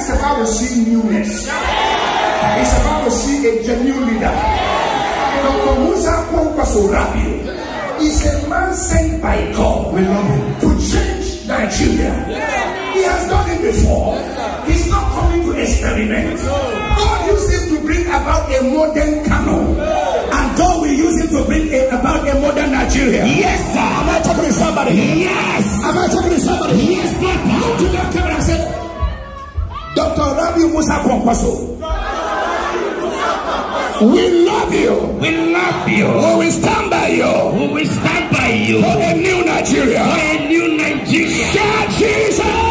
It's about to see newness. It's about to see a genuine leader. It's a man sent by God we love him, to change Nigeria. He has done it before. He's not coming to experiment. God used him to bring about a modern canon. And God will use him to bring about a modern Nigeria. Musa We love you. We love you. We will stand by you. We will stand by you. For a new Nigeria. For a new Nigeria. Yeah, Jesus.